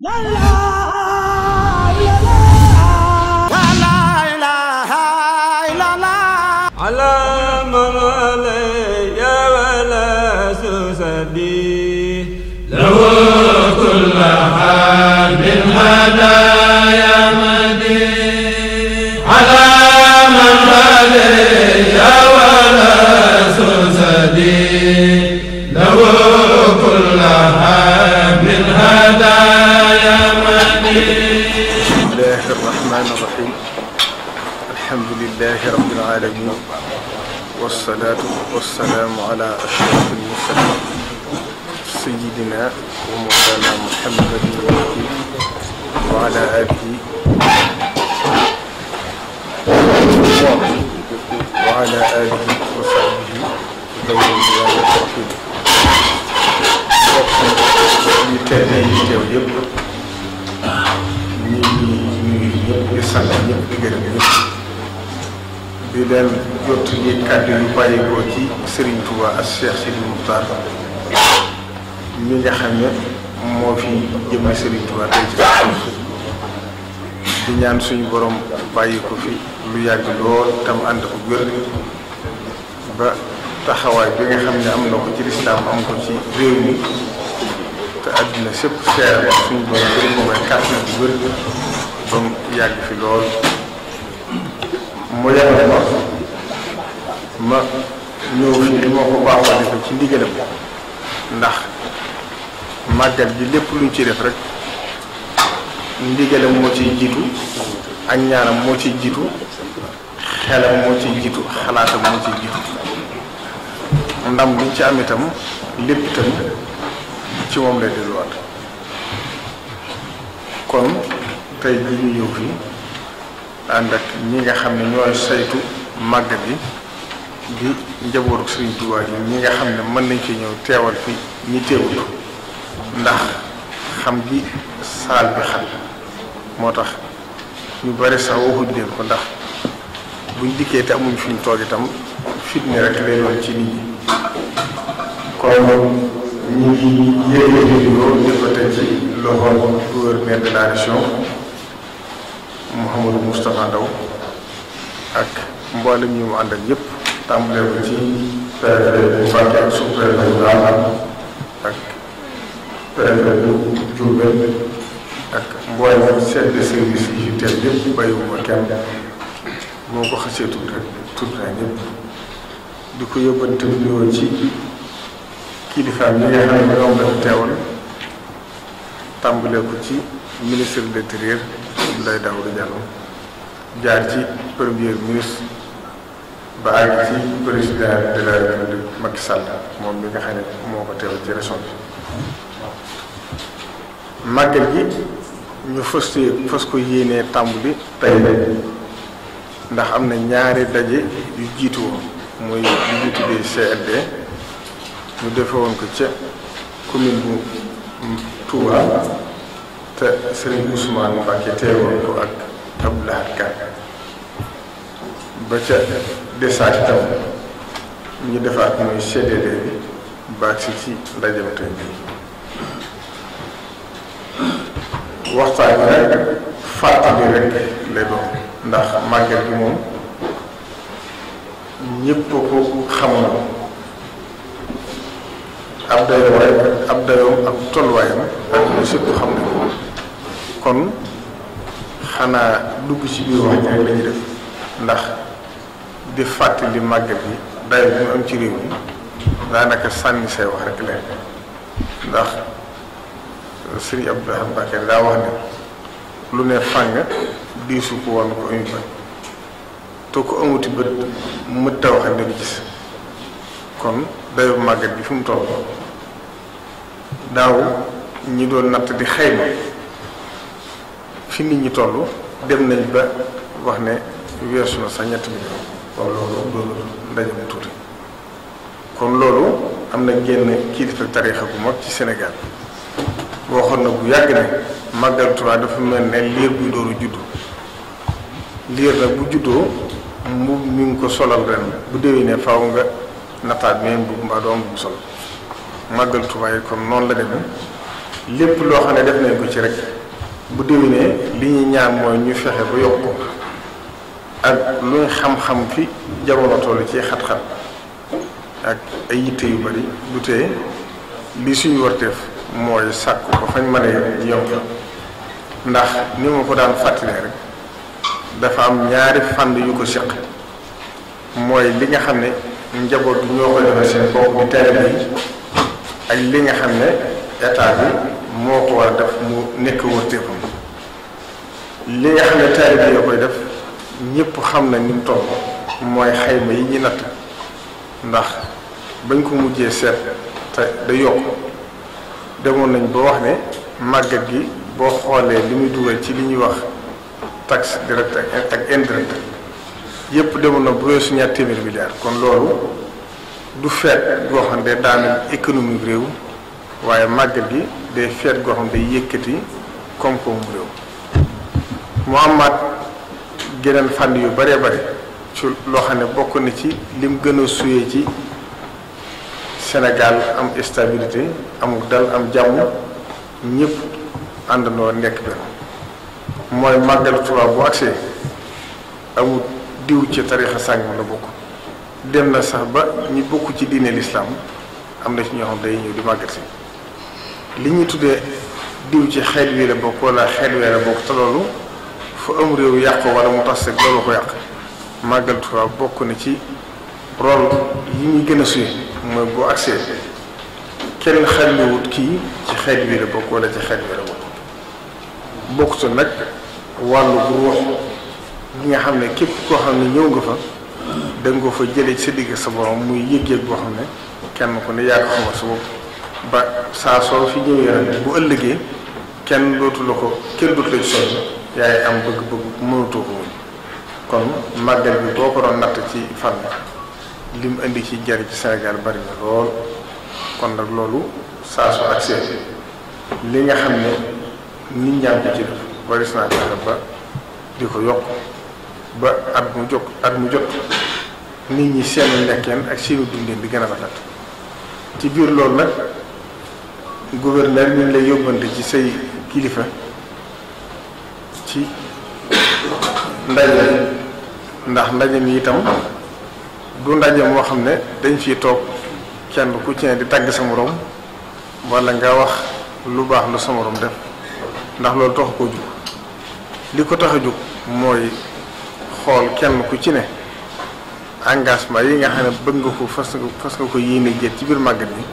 لا الرحمن الرحيم الحمد لله رب العالمين والصلاة والسلام على أشرف المرسلين سيدنا ومولانا محمد وعلى آله وعلى آله وصحبه دور الرحمن الرحيم. ñu sant ñëpp di gërëm ñëpp di leen jottali kàddu yu bàyyikoo ci Serigne Touba ak Cheikh Sidi Moukhtar mi nga xam ne fi jëmmi Serigne Touba ci di ñaan suñu borom ko fi lu lool tam ko gër ba taxawaay bi nga xam am na ko ci lislaam am ko ci réew mi te àddina suñu borom gërëm gër ba mu yàgg fi lool mu yabal ma ma ñëw fii li moo ko baaxoo defee ci ndigalam ndax màggal gi lépp luñ ci def rek ndigalam moo ciy jiitu ak ñaanam moo ciy jiitu xelam moo ciy jiitu xalaatam moo ciy jiitu ndam buñ ci am itam lépp itam ci moom lay delluwaat kon tey bi ñu ñëw ànd ak ñi nga xam ne ñooy saytu màggal bi di njabootu Sëriñ Tuubaa yi ñi nga xam ne mën nañ fi ñëw teewal fi ñi teewul ndax xam gi saal bi xam moo tax ñu bari sax waxuñ leen ko ndax buñ dikkee te amuñ fi ñu toog itam fitne rek lay doon ci nit ñi kon ñu ngi yéegee di ko teg ci loxo gouverneur de la Mouhamadou Moustapha Ndaw ak mboolem ñi mu àndal yëpp tàmbalee ko ci préfet bu Mbacké ak sous-préfet bu Ndar ak préfet bu Diourbel ak mboolem chef service yi fi teel yëpp bàyyiwuma kenn moo ko xasee tudd rek di ko yóbbante nuyoo ci kilifaam ko ci ministre de Abdoulaye Daouda Diallo jaar ci premier ministre ba àgg ci président de la moom mi nga xam ne moo ko teewal ci région bi màggal gi ñu fës fës ko yéenee tàmbali tey ndax am na ñaari daje yu jiitu woon mooy yu ñu tuddee CRD ñu defe woon ko ca commune bu Touba te Serigne Ousmane Mbacke teewoon ko ak Abdou Lahad Ka ba ca desaat itam ñu defaat muy CDD bi baax si ci ndaje bi waxtaan bi rek fàttali rek lay ndax màggal bi moom ñëpp ko xamoon ab dayoom ab dayoom ak tolluwaayam ak ñu surtout xam ne kon xanaa dugg ci biir wax ndax di fàttali màggal bi dayo bi mu am ci réew mi daanaka sànni say wax rek la ndax sëriñ Abdou Lahad Mbacké daa wax ne lu ne fàng diisu ko woon ko amu bët te ko amuti bët mëtta wax ne du gis kon dayo màggal bi fi mu toll daaw ñi doon natt di xayma fi nit ñi toll dem nañ ba wax ne weesu na sax ñetti million waaw loolu loolu ndaje mu tuuti kon loolu am na génn kilifa tariixa bu mag ci Sénégal waxoon na bu yàgg ne màggal Tuubaa dafa mel ne liir buy dooru juddu liir nag bu juddoo mu ngi ko solal ren bu déwénee faaw nga nataat même bu mbaa doom bu sol màggal Tuubaa kon noonu la demee lépp loo xam ne def nañ ko ci rek bu déwénee li ñuy ñaan mooy ñu fexe ba yokk ko ak Vous xam-xam fi jamono toll ci xat-xat ak ay yitte yu bari bu tee li suñu warteef mooy sàkk ba fañ mën a yokk ndax ni ma ko daan fàttalee rek dafa am ñaari fànn yu ko seq mooy li nga xam ne njaboot bi ñoo ko defal seen bi teel li nga ne état bi moo ko mu li nga xam ne taalibe ya koy def ñëpp xam na ni mu toll mooy xayma yi ñuy natt ndax bañ ko mujjee seet te da yokk demoon nañ ba wax ne màgget gi boo xoolee li muy dugal ci li ñuy wax taxe direct ak indirect yëpp demoon na bu weesu ñaar téeméer milliards kon loolu du feet goo xam ne daanaka économie réew waaye màgget gi day feet goo xam ne day yëkkati koom mu amaat geneen fànn yu bare bare ci loo xam ne bokk na ci lim gën a suyee ci Sénégal am stabilité amul dal am jàmm ñëpp àndandoo nekk benn mooy màggal Tuubaa bu agsee amul diw ci tarixa sàngam la bokk dem na sax ba ñi bokk ci diine lislaam am na ci ñoo xam day ñëw di màggat si li ñu tuddee diw ci xeet wi la bokk wala xeet wee la bokk te loolu fu am réew yàqu wala mu tas rek loolu ko yàq màggal Tuubaa bokk na ci rôle yi ñuy gën a suy mooy boo agsee kenn xàmmewut kii ci xeet wii la bokk wala ci xeet wi la bokk bokkut nag wàllu ruux gi nga xam ne képp koo xam ne ñëw nga fa da ko fa jële sa digg sa borom muy yëg-yëg boo xam ne kenn ku ne yaa ko xamal sa bopp ba saa soo fi ñëwee bu ëllëgee kenn dootu la ko kenn dootu la ci yaay am bëgg-bëgg mënutu ko kon magal bi boo ko doon natt ci fan lim indi ci jari ci Sénégal bari na lool kon nag loolu saa su ak seen li nga xam ne nit ñaa ko ci def waris naa ko ba di ko yokk ba at mu jot at mu jot nit ñi seen lekkeen ak seenu dundeen di gën a rafet ci biir loolu nag gouverneur ñu lay yóbbante ci say kilifa ci ndaje ndax ndaje mi itam du ndaje moo xam ne dañ fi toog kenn ku ci ne di tagg sa morom wala nga wax lu baax lu sa morom def ndax loolu tax koo jug li ko tax a mooy xool kenn ku ci ne engagement yi nga xam ne bëgg nga ko fas nga ko yéene jéet ci biir màgget yi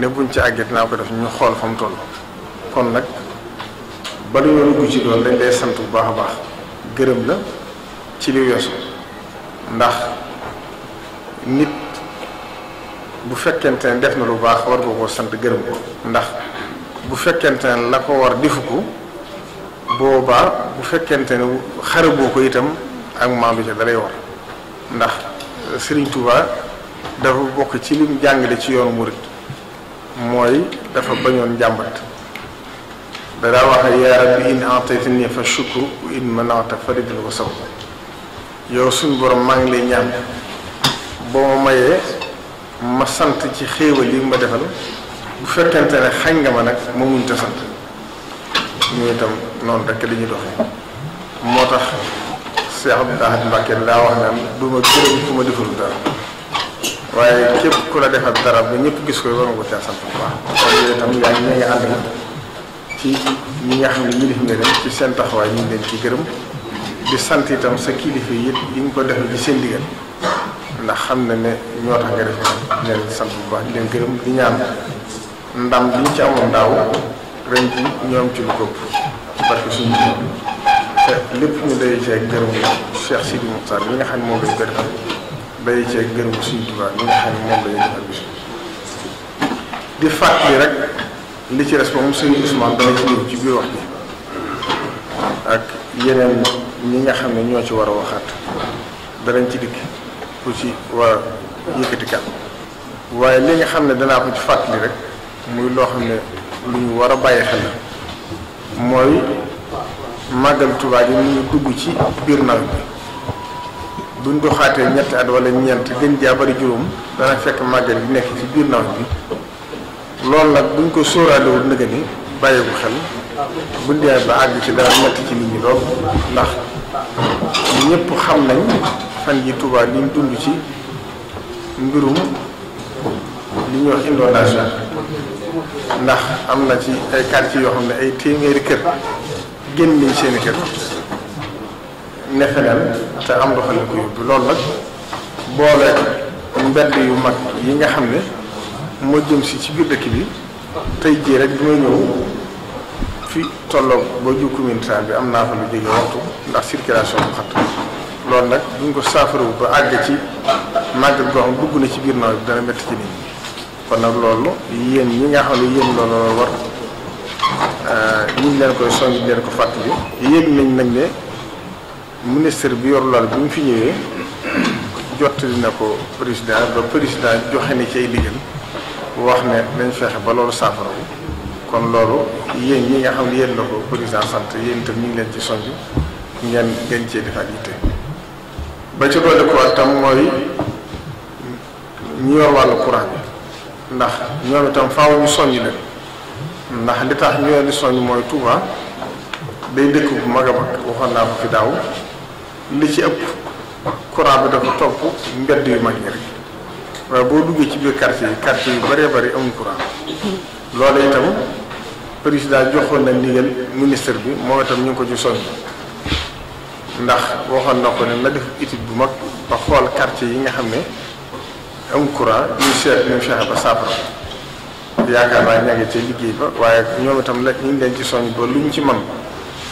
ne buñ ci àggat naa ko def ñu xool fa mu kon nag. ba lu ñoo dugg dañ lay sant bu baax a baax gërëm la ci li weesu ndax nit bu fekkente ne def na lu baax war nga ko sant gërëm ko ndax bu fekkente ne la ko war defu ko boobaa bu fekkente ne xaraboo ko itam ak maam dalay war ndax Serigne Touba dafa bokk ci lim jàngale ci yoonu murit mooy dafa bañoon njàmbat danaa wax ne yaa rabbi in ataytani fa shukru wa in manata fa ridal wa saw yow suñu borom maa ngi lay ñaan boo ma mayee ma sant ci xéewal yi ma defal bu fekkente ne xañ nga ma nag ma muñ sant ñu itam noonu rek li ñu doxee moo tax Cheikh Abdou Ahad Mbacké wax naan du ma gërëm ku ma deful dara waaye képp ku la defal dara ba ñëpp gis ko war nga ko caa sant bu yooyu itam yaa ngi ànd ci ñi nga xam ne ñu def nga leen ci seen taxawaay ñu ngi leen ci gërëm di sant itam sa kilifa yi yi nga ko defal ci seen digal ndax xam na ne ñoo tax nga def di leen sant bu baax di leen gërëm di ñaan ndam li ñu ci amoon daaw ren ji ñoom ci lu ko parce que suñu te lépp ñu day ceeg li nga xam ne moom lañ ko defal day ceeg gërëmu suñu tubaab li nga xam moom lañu rek li ci des moom sëñ Ousmane ci ci biir wax bi ak yeneen ñi nga xam ne ñoo ci war a waxaat danañ ci dikk ku ci war yëkkati kat waaye li nga xam ne danaa ko ci fàttali rek muy loo xam ne lu ñu war a bàyyi xel la mooy màggal Tuubaa yi mu ngi dugg ci biir nawet bi buñ doxaatee ñetti at wala ñeent gën jaa juróom dana fekk màggal bi nekk ci biir nawet bi loolu nag buñ ko sóoraalewul nëgë ni bàyyi ko xel buñ ba àgg ci daal metti ci nit ñi lool ndax ñëpp xam nañ fan yi Touba li ñu dund ci mbirum li ñuy wax ndax am na ci ay quartier yoo xam ne ay téeméeri kër génn nañ seeni kër ne te am ndoxal ko yóbbu loolu nag boole mbedd yu mag yi nga xam ne moo jëm si ci biir dëkk bi tey jii rek bi may ñëw fi tolloog ba ju communautaire bi am naa fa lu jóge waxtu ndax circulation bu xat loolu nag bu ñu ko saafarawu ba àgg ci màggal ko xam dugg na ci biir nawet bi dana métti ci nit kon nag loolu yéen ñi nga xam ne yéen loolu war eh, ñu ngi leen koy songi di leen ko fàttali yéeg nañ nag ne ministre bi yor loolu bi mu fi ñëwee jottali na ko président ba président joxe na ci ay ndigal wax ne nañ fexe ba loolu saafara kon loolu yéen ñi nga xam ne yéen la ko président sant yéen itam ñu ngi leen ci soññ ngeen ngeen cee defaat yitte ba ci doole ko tam mooy ñu yor wàllu courant ndax ñoom itam faaw ñu soññ leen ndax li tax ñu leen di mooy Touba day dëkk bu mag a mag waxoon naa ko fi daaw li ci ëpp courant bi dafa topp mbedd yu mag yi rek waaye boo duggee ci biir quartier yi quartier yu baree bëri amul courant loolu itam président joxoon na ndigal ministre bi moo itam ñu ngi ko ci soññ ndax waxoon na ko ne na def étude bu mag ba xool quartier yi nga xam ne amul courant ñu seet ñu fexe ba saafara yaakaar naa ña ngi ca liggéey ba waaye ñoom itam la ñu ngi leen ci soññ ba lu ñu ci man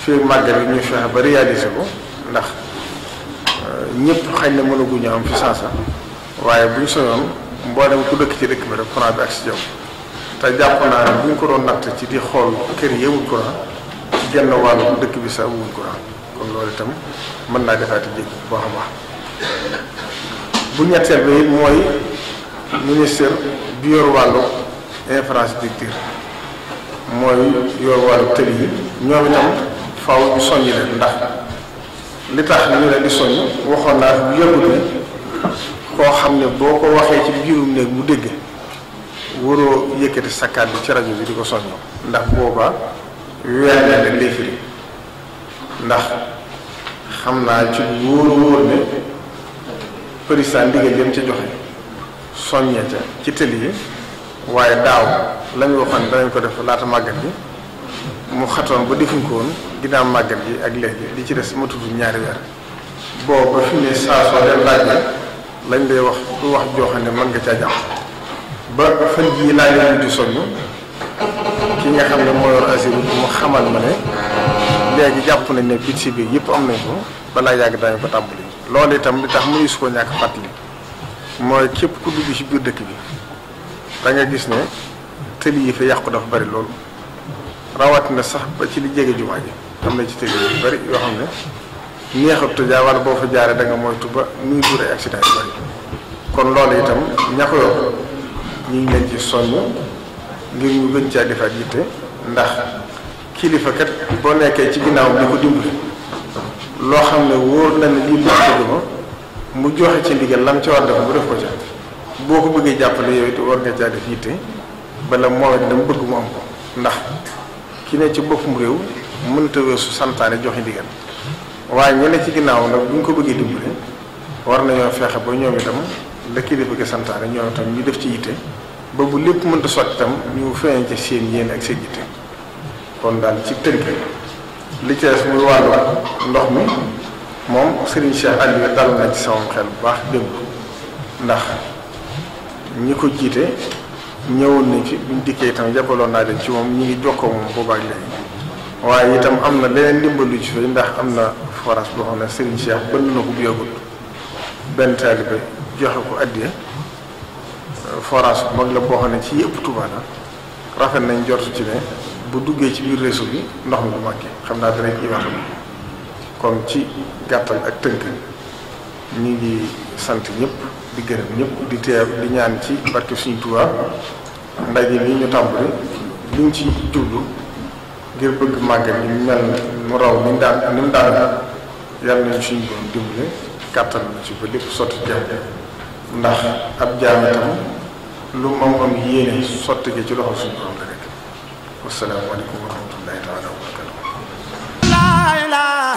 fii màggal yi ñu fexe ba réaliser ko ndax euh, ñëpp xañ na mënaguñu am fi saasa waaye bu ñu soñoon mboolem ku dëkk ci dëkk bi rek courant bi ak si jaww te jàpp naa ne bu ñu ko doon natt ci di xool kër yi amul courant genn wàllu dëkk bi sax amul courant kon loolu itam mën naa defaati jégg bu baax a baax bu ñetteel bi it mooy ministère bi yor wàllu infrastructure mooy yor wàllu tëli yi ñoom itam faaw ñu soññ leen ndax li tax ñu ne di soññ waxoon naa bu yëngu koo xam ne boo ko waxee ci biirum néeg mu dégg waroo yëkkati sa kàddu ci rajo bi di ko soññoo ndax booba weer na leen lay ndax xam naa ci wóor wóor ne président ndigal jëm ca joxe soññee ca ci tëli yi waaye daaw lañu waxoon danañ ko def laata màggat bi mu xatoon ba defuñ ko woon ginnaaw màggat gi ak léegi di ci des ma tudd ñaari weer booba fi ne saa soo dem laaj lañ lay wax du wax joo xam ne mën nga caa jàpp ba fan jii laa leen di soññ ki nga xam ne moo yor asiru mu xamal ma ne léegi jàpp nañ ne picc si biir yëpp am nañ ko balaa yàgg daañu ko tàmbali. loolu itam li tax mënu su ko ñàkk fàttali mooy cépp ku dugg ci biir dëkk bi da gis ne tëli yi fi yàqu dafa bari loolu rawatina sax ba ci li jege jumaa ji am na ci tëli yu bari yoo xam ne. yéexatu jaa wala boo fa jaaree da nga moytu ba muy jur ay accident kon loolu itam ña ko yor ñu ngi leen ci soññ ngir ñu gën caa defaat yitte ndax kilifa kat boo nekkee ci ginnaaw bi ko dimbali loo xam ne wóor na ne lii joxe ci ndigal lam ci war def def ko ca boo ko bëggee jàppale yow it war nga caa def yitte bala moo it dama bëgg mu am ko ndax ki ne ci boppum réew mënta weesu santaane joxe ndigal. waaye ñu ci ginnaaw nag bu ñu ko bëggee dimbale war nañoo fexe ba ñoom itam la kilifa gi santaane ñoom itam ñu def ci yitte ba bu lépp mënta sotti itam ñu feeñ ca seen yéen ak seen yitte ci tënk li ci des muy mi moom Serigne Cheikh Aliou dal xel bu baax démb ndax ñi ko jiite ñëwoon nañ fi buñ dikkee itam yabaloon naa leen ci moom ñu ngi jokkoo moom boobaak léegi waaye itam am na leneen ndimbalu ci fay ndax am na forage boo xam ne Serigne Cheikh bënn na ko bu yàggul benn taalibe joxe ko addiya forage bu mag la boo xam ne ci yëpp Touba rafet nañ jortu ci ne bu duggee ci biir réseau bi ndox mi du manqué xam naa danañ ci waxam kon ci gàttal ak tënk ñu ngi sant ñëpp di gërëm ñëpp di teew di ñaan ci barke suñu Touba ndaje li ñu tàmbali liñ ci jublu ngir bëgg màggal ni mel mu raw ni mu daan yàlla nañ suñu borom dimbale kàttan na ci ba lépp sotti jàmm ndax ab jaam itam lu moom am yéene sotti gi ci loxo suñu borom la rek wasalaamaaleykum wa rahmatullahi taala wa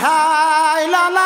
barakatuh